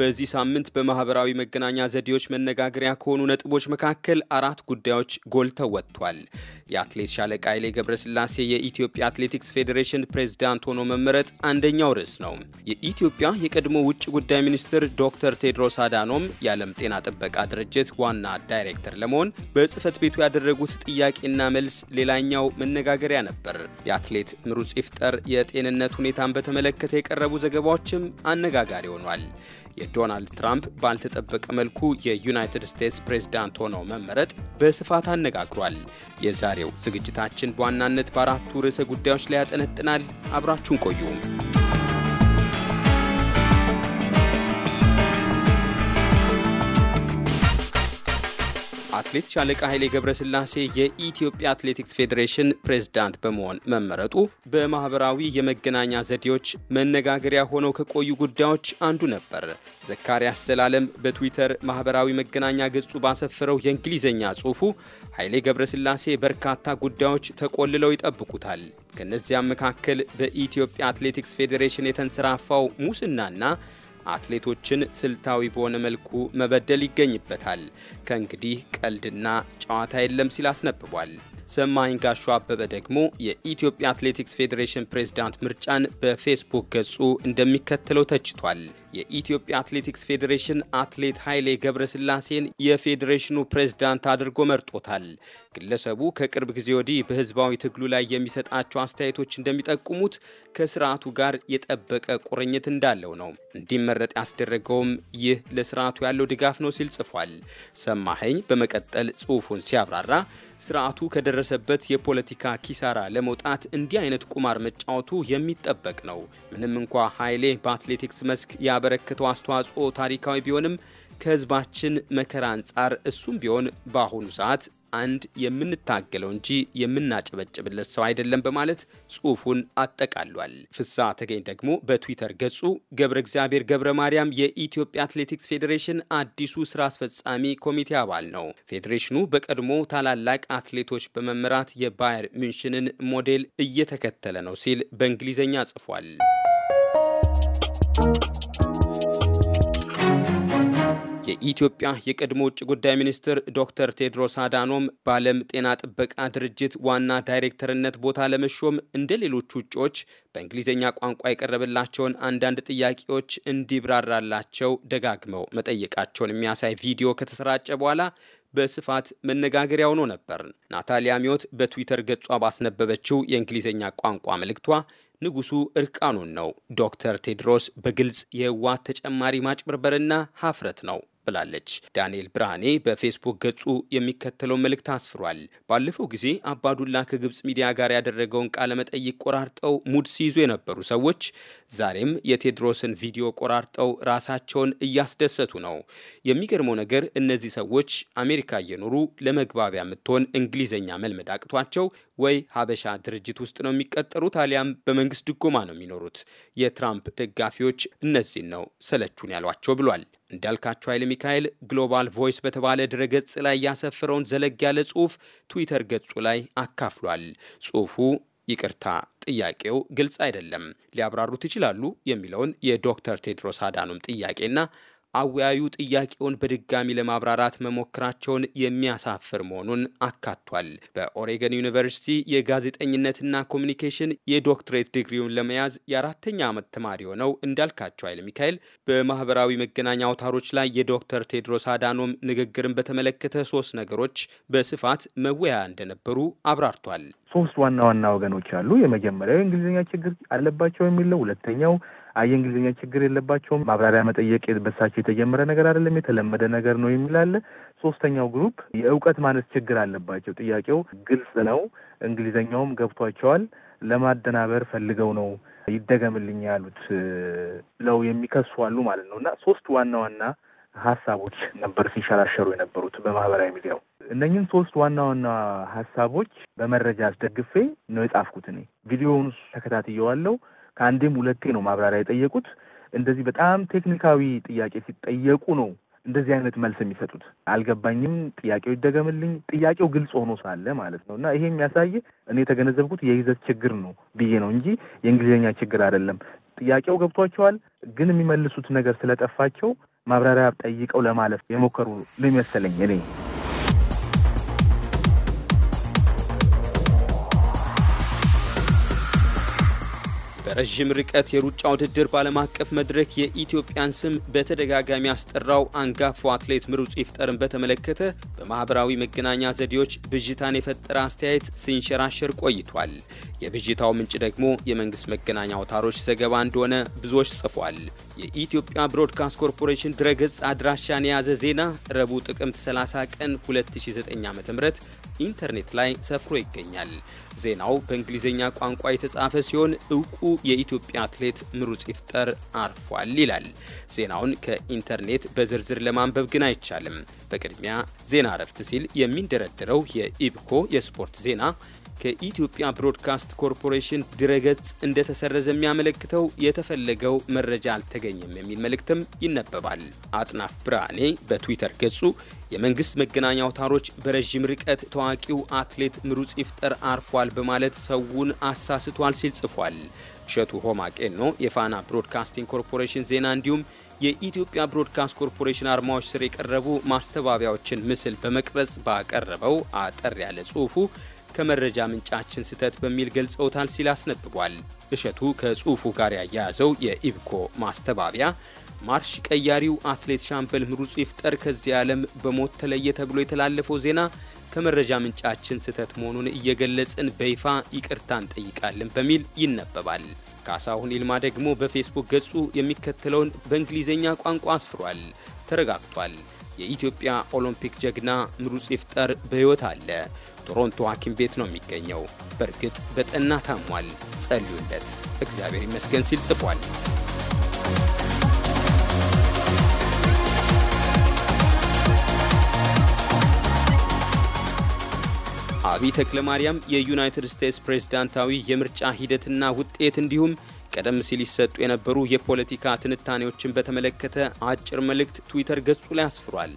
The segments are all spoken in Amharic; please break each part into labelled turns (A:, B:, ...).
A: በዚህ ሳምንት በማህበራዊ መገናኛ ዘዴዎች መነጋገሪያ ከሆኑ ነጥቦች መካከል አራት ጉዳዮች ጎልተው ወጥቷል። የአትሌት ሻለቃ ኃይሌ ገብረስላሴ የኢትዮጵያ አትሌቲክስ ፌዴሬሽን ፕሬዝዳንት ሆኖ መመረጥ አንደኛው ርዕስ ነው። የኢትዮጵያ የቀድሞ ውጭ ጉዳይ ሚኒስትር ዶክተር ቴድሮስ አዳኖም የዓለም ጤና ጥበቃ ድርጅት ዋና ዳይሬክተር ለመሆን በጽህፈት ቤቱ ያደረጉት ጥያቄና መልስ ሌላኛው መነጋገሪያ ነበር። የአትሌት ምሩጽ ይፍጠር የጤንነት ሁኔታን በተመለከተ የቀረቡ ዘገባዎችም አነጋጋሪ ሆኗል። የዶናልድ ትራምፕ ባልተጠበቀ መልኩ የዩናይትድ ስቴትስ ፕሬዝዳንት ሆነው መመረጥ በስፋት አነጋግሯል። የዛሬው ዝግጅታችን በዋናነት በአራቱ ርዕሰ ጉዳዮች ላይ ያጠነጥናል። አብራችሁን ቆዩም። አትሌት ሻለቃ ኃይሌ ገብረስላሴ የኢትዮጵያ አትሌቲክስ ፌዴሬሽን ፕሬዝዳንት በመሆን መመረጡ በማህበራዊ የመገናኛ ዘዴዎች መነጋገሪያ ሆነው ከቆዩ ጉዳዮች አንዱ ነበር። ዘካሪ ዘላለም በትዊተር ማህበራዊ መገናኛ ገጹ ባሰፈረው የእንግሊዝኛ ጽሑፉ ኃይሌ ገብረስላሴ በርካታ ጉዳዮች ተቆልለው ይጠብቁታል። ከእነዚያም መካከል በኢትዮጵያ አትሌቲክስ ፌዴሬሽን የተንሰራፋው ሙስናና አትሌቶችን ስልታዊ በሆነ መልኩ መበደል ይገኝበታል። ከእንግዲህ ቀልድና ጨዋታ የለም ሲል አስነብቧል። ሰማኝ ጋሹ አበበ ደግሞ የኢትዮጵያ አትሌቲክስ ፌዴሬሽን ፕሬዝዳንት ምርጫን በፌስቡክ ገጹ እንደሚከተለው ተችቷል። የኢትዮጵያ አትሌቲክስ ፌዴሬሽን አትሌት ኃይሌ ገብረስላሴን የፌዴሬሽኑ ፕሬዝዳንት አድርጎ መርጦታል። ግለሰቡ ከቅርብ ጊዜ ወዲህ በህዝባዊ ትግሉ ላይ የሚሰጣቸው አስተያየቶች እንደሚጠቁሙት ከስርዓቱ ጋር የጠበቀ ቁርኝት እንዳለው ነው። እንዲመረጥ ያስደረገውም ይህ ለስርዓቱ ያለው ድጋፍ ነው ሲል ጽፏል። ሰማኸኝ በመቀጠል ጽሑፉን ሲያብራራ ስርዓቱ ከደረሰበት የፖለቲካ ኪሳራ ለመውጣት እንዲህ አይነት ቁማር መጫወቱ የሚጠበቅ ነው። ምንም እንኳ ኃይሌ በአትሌቲክስ መስክ ያ ያበረከተው አስተዋጽኦ ታሪካዊ ቢሆንም ከህዝባችን መከራ አንጻር እሱም ቢሆን በአሁኑ ሰዓት አንድ የምንታገለው እንጂ የምናጨበጭብለት ሰው አይደለም በማለት ጽሑፉን አጠቃሏል። ፍሳ ተገኝ ደግሞ በትዊተር ገጹ ገብረ እግዚአብሔር ገብረ ማርያም የኢትዮጵያ አትሌቲክስ ፌዴሬሽን አዲሱ ስራ አስፈጻሚ ኮሚቴ አባል ነው። ፌዴሬሽኑ በቀድሞ ታላላቅ አትሌቶች በመምራት የባየር ሚንሽንን ሞዴል እየተከተለ ነው ሲል በእንግሊዝኛ ጽፏል። የኢትዮጵያ የቀድሞ ውጭ ጉዳይ ሚኒስትር ዶክተር ቴድሮስ አዳኖም በዓለም ጤና ጥበቃ ድርጅት ዋና ዳይሬክተርነት ቦታ ለመሾም እንደ ሌሎች ውጮች በእንግሊዝኛ ቋንቋ የቀረበላቸውን አንዳንድ ጥያቄዎች እንዲብራራላቸው ደጋግመው መጠየቃቸውን የሚያሳይ ቪዲዮ ከተሰራጨ በኋላ በስፋት መነጋገሪያ ሆኖ ነበር። ናታሊያ ሚዮት በትዊተር ገጿ ባስነበበችው የእንግሊዝኛ ቋንቋ መልእክቷ ንጉሱ እርቃኑን ነው፣ ዶክተር ቴድሮስ በግልጽ የህወሓት ተጨማሪ ማጭበርበርና ሀፍረት ነው ብላለች። ዳንኤል ብርሃኔ በፌስቡክ ገጹ የሚከተለው መልእክት አስፍሯል። ባለፈው ጊዜ አባዱላ ከግብፅ ሚዲያ ጋር ያደረገውን ቃለመጠይቅ ቆራርጠው ሙድ ሲይዙ የነበሩ ሰዎች ዛሬም የቴድሮስን ቪዲዮ ቆራርጠው ራሳቸውን እያስደሰቱ ነው። የሚገርመው ነገር እነዚህ ሰዎች አሜሪካ እየኖሩ ለመግባቢያ የምትሆን እንግሊዝኛ መልመድ አቅቷቸው ወይ ሀበሻ ድርጅት ውስጥ ነው የሚቀጠሩት አሊያም በመንግስት ድጎማ ነው የሚኖሩት። የትራምፕ ደጋፊዎች እነዚህን ነው ሰለቹን ያሏቸው ብሏል። እንዳልካቸው ኃይለ ሚካኤል ግሎባል ቮይስ በተባለ ድረገጽ ላይ ያሰፈረውን ዘለግ ያለ ጽሁፍ ትዊተር ገጹ ላይ አካፍሏል። ጽሁፉ ይቅርታ ጥያቄው ግልጽ አይደለም፣ ሊያብራሩት ይችላሉ የሚለውን የዶክተር ቴድሮስ አዳኑም ጥያቄና አወያዩ ጥያቄውን በድጋሚ ለማብራራት መሞከራቸውን የሚያሳፍር መሆኑን አካቷል። በኦሬገን ዩኒቨርሲቲ የጋዜጠኝነትና ኮሚኒኬሽን የዶክትሬት ዲግሪውን ለመያዝ የአራተኛ ዓመት ተማሪ የሆነው እንዳልካቸው ኃይለ ሚካኤል በማህበራዊ መገናኛ አውታሮች ላይ የዶክተር ቴድሮስ አዳኖም ንግግርን በተመለከተ ሶስት ነገሮች በስፋት መወያ እንደነበሩ አብራርቷል።
B: ሶስት ዋና ዋና ወገኖች አሉ። የመጀመሪያው የእንግሊዝኛ ችግር አለባቸው የሚለው ሁለተኛው እንግሊዝኛ ችግር የለባቸውም። ማብራሪያ መጠየቅ በሳቸው የተጀመረ ነገር አይደለም፣ የተለመደ ነገር ነው የሚላለ። ሶስተኛው ግሩፕ የእውቀት ማነስ ችግር አለባቸው። ጥያቄው ግልጽ ነው፣ እንግሊዘኛውም ገብቷቸዋል። ለማደናበር ፈልገው ነው ይደገምልኝ ያሉት ብለው የሚከሱ አሉ ማለት ነው። እና ሶስት ዋና ዋና ሀሳቦች ነበር ሲንሸራሸሩ የነበሩት በማህበራዊ ሚዲያው። እነኝህን ሶስት ዋና ዋና ሀሳቦች በመረጃ አስደግፌ ነው የጻፍኩት። እኔ ቪዲዮውን ተከታትየዋለሁ። ከአንዴም ሁለቴ ነው ማብራሪያ የጠየቁት። እንደዚህ በጣም ቴክኒካዊ ጥያቄ ሲጠየቁ ነው እንደዚህ አይነት መልስ የሚሰጡት። አልገባኝም፣ ጥያቄው ይደገምልኝ። ጥያቄው ግልጽ ሆኖ ሳለ ማለት ነው። እና ይሄ የሚያሳይ እኔ የተገነዘብኩት የይዘት ችግር ነው ብዬ ነው እንጂ የእንግሊዝኛ ችግር አይደለም። ጥያቄው ገብቷቸዋል፣ ግን የሚመልሱት ነገር ስለጠፋቸው ማብራሪያ ጠይቀው ለማለፍ የሞከሩ ነው እኔ
A: በረዥም ርቀት የሩጫ ውድድር በዓለም አቀፍ መድረክ የኢትዮጵያን ስም በተደጋጋሚ ያስጠራው አንጋፋው አትሌት ምሩጽ ይፍጠርን በተመለከተ በማኅበራዊ መገናኛ ዘዴዎች ብዥታን የፈጠረ አስተያየት ሲንሸራሸር ቆይቷል። የብዥታው ምንጭ ደግሞ የመንግስት መገናኛ አውታሮች ዘገባ እንደሆነ ብዙዎች ጽፏል። የኢትዮጵያ ብሮድካስት ኮርፖሬሽን ድረገጽ አድራሻን የያዘ ዜና ረቡዕ ጥቅምት 30 ቀን 2009 ዓ ም ኢንተርኔት ላይ ሰፍሮ ይገኛል። ዜናው በእንግሊዝኛ ቋንቋ የተጻፈ ሲሆን እውቁ የኢትዮጵያ አትሌት ምሩጽ ይፍጠር አርፏል ይላል። ዜናውን ከኢንተርኔት በዝርዝር ለማንበብ ግን አይቻልም። በቅድሚያ ዜና እረፍት ሲል የሚንደረደረው የኢብኮ የስፖርት ዜና ከኢትዮጵያ ብሮድካስት ኮርፖሬሽን ድረገጽ እንደተሰረዘ የሚያመለክተው የተፈለገው መረጃ አልተገኘም የሚል መልእክትም ይነበባል። አጥናፍ ብርሃኔ በትዊተር ገጹ የመንግስት መገናኛ አውታሮች በረዥም ርቀት ታዋቂው አትሌት ምሩጽ ይፍጠር አርፏል በማለት ሰውን አሳስቷል ሲል ጽፏል። እሸቱ ሆማቄኖ የፋና ብሮድካስቲንግ ኮርፖሬሽን ዜና እንዲሁም የኢትዮጵያ ብሮድካስት ኮርፖሬሽን አርማዎች ስር የቀረቡ ማስተባበያዎችን ምስል በመቅረጽ ባቀረበው አጠር ያለ ጽሑፉ ከመረጃ ምንጫችን ስህተት በሚል ገልጸውታል ሲል አስነብቧል። እሸቱ ከጽሑፉ ጋር ያያያዘው የኢብኮ ማስተባበያ ማርሽ ቀያሪው አትሌት ሻምበል ምሩጽ ይፍጠር ከዚህ ዓለም በሞት ተለየ ተብሎ የተላለፈው ዜና ከመረጃ ምንጫችን ስህተት መሆኑን እየገለጽን በይፋ ይቅርታ እንጠይቃለን በሚል ይነበባል። ካሳሁን ይልማ ደግሞ በፌስቡክ ገጹ የሚከተለውን በእንግሊዝኛ ቋንቋ አስፍሯል። ተረጋግቷል የኢትዮጵያ ኦሎምፒክ ጀግና ምሩጽ ይፍጠር በሕይወት አለ። ቶሮንቶ ሐኪም ቤት ነው የሚገኘው። በእርግጥ በጠና ታሟል። ጸልዩለት፣ እግዚአብሔር ይመስገን ሲል ጽፏል። አብይ ተክለማርያም የዩናይትድ ስቴትስ ፕሬዝዳንታዊ የምርጫ ሂደትና ውጤት እንዲሁም ቀደም ሲል ይሰጡ የነበሩ የፖለቲካ ትንታኔዎችን በተመለከተ አጭር መልእክት ትዊተር ገጹ ላይ አስፍሯል።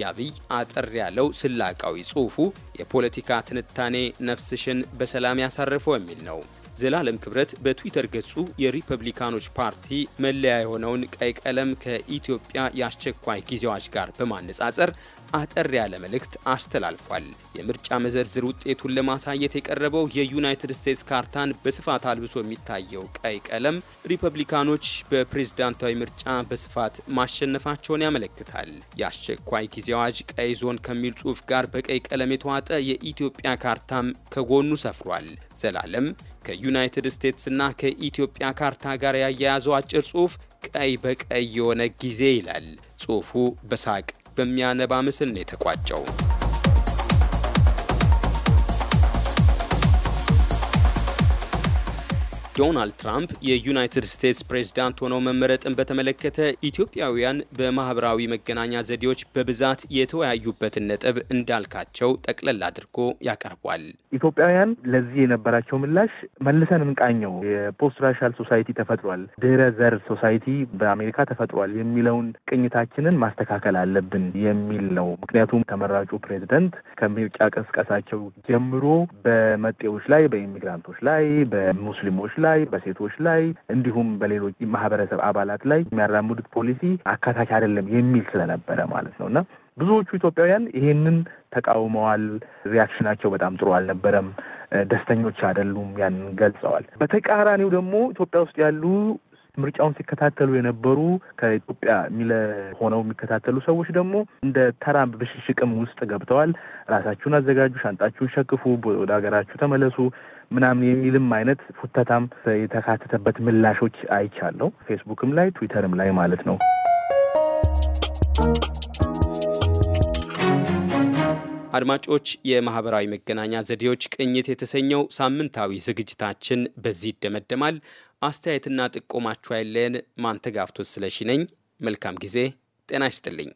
A: የአብይ አጠር ያለው ስላቃዊ ጽሑፉ የፖለቲካ ትንታኔ ነፍስሽን በሰላም ያሳረፈው የሚል ነው። ዘላለም ክብረት በትዊተር ገጹ የሪፐብሊካኖች ፓርቲ መለያ የሆነውን ቀይ ቀለም ከኢትዮጵያ የአስቸኳይ ጊዜዎች ጋር በማነጻጸር አጠር ያለ መልእክት አስተላልፏል። የምርጫ መዘርዝር ውጤቱን ለማሳየት የቀረበው የዩናይትድ ስቴትስ ካርታን በስፋት አልብሶ የሚታየው ቀይ ቀለም ሪፐብሊካኖች በፕሬዝዳንታዊ ምርጫ በስፋት ማሸነፋቸውን ያመለክታል። የአስቸኳይ ጊዜ አዋጅ ቀይ ዞን ከሚል ጽሑፍ ጋር በቀይ ቀለም የተዋጠ የኢትዮጵያ ካርታም ከጎኑ ሰፍሯል። ዘላለም ከዩናይትድ ስቴትስና ከኢትዮጵያ ካርታ ጋር ያያያዘው አጭር ጽሑፍ ቀይ በቀይ የሆነ ጊዜ ይላል። ጽሑፉ በሳቅ በሚያነባ ምስል ነው የተቋጨው። ዶናልድ ትራምፕ የዩናይትድ ስቴትስ ፕሬዝዳንት ሆነው መመረጥን በተመለከተ ኢትዮጵያውያን በማህበራዊ መገናኛ ዘዴዎች በብዛት የተወያዩበትን ነጥብ እንዳልካቸው ጠቅለል አድርጎ ያቀርቧል።
B: ኢትዮጵያውያን ለዚህ የነበራቸው ምላሽ መልሰን እንቃኘው፣ የፖስት ራሻል ሶሳይቲ ተፈጥሯል፣ ድህረ ዘር ሶሳይቲ በአሜሪካ ተፈጥሯል የሚለውን ቅኝታችንን ማስተካከል አለብን የሚል ነው። ምክንያቱም ተመራጩ ፕሬዝደንት ከምርጫ ቀስቀሳቸው ጀምሮ በመጤዎች ላይ፣ በኢሚግራንቶች ላይ፣ በሙስሊሞች ላይ ላይ በሴቶች ላይ እንዲሁም በሌሎች ማህበረሰብ አባላት ላይ የሚያራምዱት ፖሊሲ አካታች አይደለም የሚል ስለነበረ ማለት ነው እና ብዙዎቹ ኢትዮጵያውያን ይሄንን ተቃውመዋል። ሪያክሽናቸው በጣም ጥሩ አልነበረም። ደስተኞች አይደሉም። ያንን ገልጸዋል። በተቃራኒው ደግሞ ኢትዮጵያ ውስጥ ያሉ ምርጫውን ሲከታተሉ የነበሩ ከኢትዮጵያ ሚለ ሆነው የሚከታተሉ ሰዎች ደግሞ እንደ ተራ በሽሽቅም ውስጥ ገብተዋል። ራሳችሁን አዘጋጁ፣ ሻንጣችሁን ሸክፉ፣ ወደ ሀገራችሁ ተመለሱ ምናምን የሚልም አይነት ፉተታም የተካተተበት ምላሾች አይቻለሁ። ፌስቡክም ላይ ትዊተርም ላይ ማለት ነው።
A: አድማጮች፣ የማህበራዊ መገናኛ ዘዴዎች ቅኝት የተሰኘው ሳምንታዊ ዝግጅታችን በዚህ ይደመደማል። አስተያየትና ጥቆማችሁ አይለን። ማንተጋፍቶት ስለሺ ነኝ። መልካም ጊዜ። ጤና ይስጥልኝ።